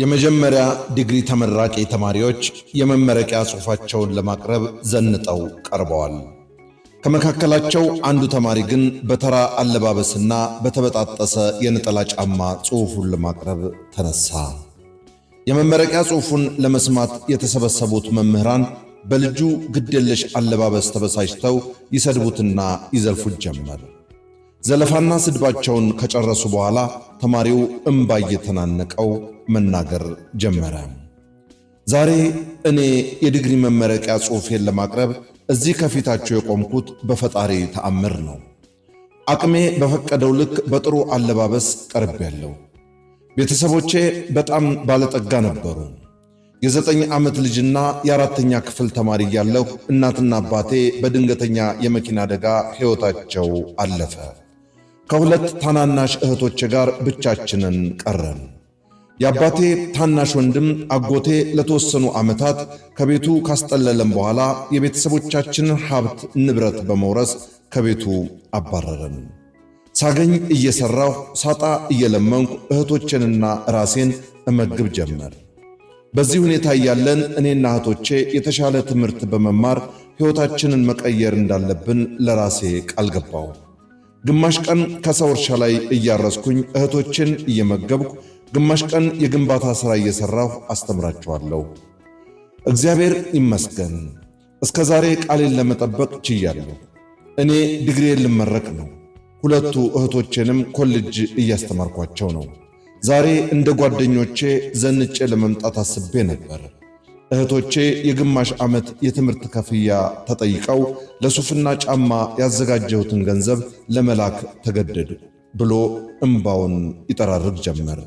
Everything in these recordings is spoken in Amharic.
የመጀመሪያ ዲግሪ ተመራቂ ተማሪዎች የመመረቂያ ጽሑፋቸውን ለማቅረብ ዘንጠው ቀርበዋል። ከመካከላቸው አንዱ ተማሪ ግን በተራ አለባበስና በተበጣጠሰ የነጠላ ጫማ ጽሑፉን ለማቅረብ ተነሳ። የመመረቂያ ጽሑፉን ለመስማት የተሰበሰቡት መምህራን በልጁ ግዴለሽ አለባበስ ተበሳጭተው ይሰድቡትና ይዘልፉት ጀመር። ዘለፋና ስድባቸውን ከጨረሱ በኋላ ተማሪው እምባ እየተናነቀው መናገር ጀመረ። ዛሬ እኔ የዲግሪ መመረቂያ ጽሑፌን ለማቅረብ እዚህ ከፊታቸው የቆምኩት በፈጣሪ ተአምር ነው። አቅሜ በፈቀደው ልክ በጥሩ አለባበስ ያለው። ቤተሰቦቼ በጣም ባለጠጋ ነበሩ። የዘጠኝ ዓመት ልጅና የአራተኛ ክፍል ተማሪ እያለሁ እናትና አባቴ በድንገተኛ የመኪና አደጋ ሕይወታቸው አለፈ። ከሁለት ታናናሽ እህቶች ጋር ብቻችንን ቀረን። የአባቴ ታናሽ ወንድም አጎቴ ለተወሰኑ ዓመታት ከቤቱ ካስጠለለን በኋላ የቤተሰቦቻችንን ሀብት ንብረት በመውረስ ከቤቱ አባረረን። ሳገኝ እየሠራሁ ሳጣ እየለመንኩ እህቶቼንና ራሴን እመግብ ጀመር። በዚህ ሁኔታ እያለን እኔና እህቶቼ የተሻለ ትምህርት በመማር ሕይወታችንን መቀየር እንዳለብን ለራሴ ቃል ገባሁ። ግማሽ ቀን ከሰው እርሻ ላይ እያረስኩኝ እህቶችን እየመገብኩ፣ ግማሽ ቀን የግንባታ ሥራ እየሠራሁ አስተምራችኋለሁ። እግዚአብሔር ይመስገን እስከ ዛሬ ቃሌን ለመጠበቅ ችያለሁ። እኔ ዲግሪዬን ልመረቅ ነው። ሁለቱ እህቶቼንም ኮሌጅ እያስተማርኳቸው ነው። ዛሬ እንደ ጓደኞቼ ዘንጬ ለመምጣት አስቤ ነበር። እህቶቼ የግማሽ ዓመት የትምህርት ክፍያ ተጠይቀው ለሱፍና ጫማ ያዘጋጀሁትን ገንዘብ ለመላክ ተገደዱ ብሎ እምባውን ይጠራርግ ጀመር።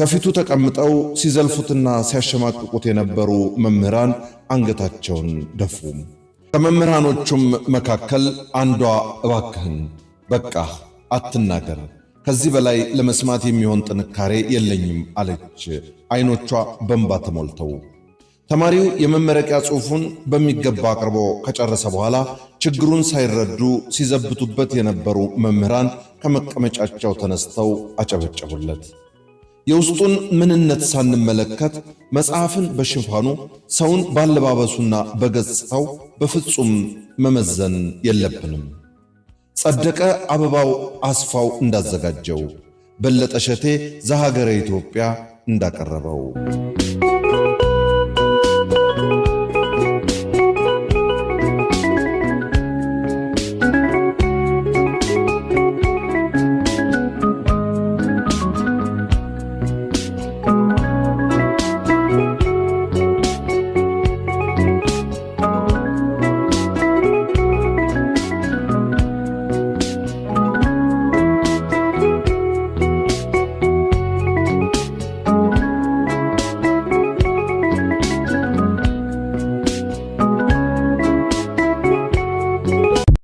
ከፊቱ ተቀምጠው ሲዘልፉትና ሲያሸማቅቁት የነበሩ መምህራን አንገታቸውን ደፉ። ከመምህራኖቹም መካከል አንዷ እባክህን በቃ አትናገር ከዚህ በላይ ለመስማት የሚሆን ጥንካሬ የለኝም አለች፣ አይኖቿ በንባ ተሞልተው ተማሪው የመመረቂያ ጽሑፉን በሚገባ አቅርቦ ከጨረሰ በኋላ ችግሩን ሳይረዱ ሲዘብቱበት የነበሩ መምህራን ከመቀመጫቸው ተነስተው አጨበጨቡለት። የውስጡን ምንነት ሳንመለከት መጽሐፍን በሽፋኑ ሰውን ባለባበሱና በገጽታው በፍጹም መመዘን የለብንም። ጸደቀ አበባው አስፋው እንዳዘጋጀው፣ በለጠ ሸቴ ዘሀገረ ኢትዮጵያ እንዳቀረበው